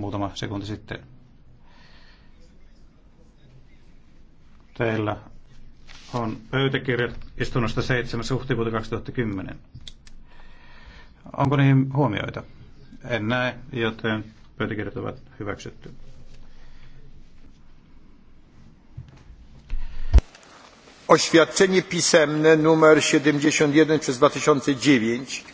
muutama sekunti sitten. Teillä on pöytäkirjat istunnosta 7. huhtikuuta 2010. Onko niihin huomioita? En näe, joten pöytäkirjat ovat hyväksytty. Oświadczenie pisemne numer 71 przez 2009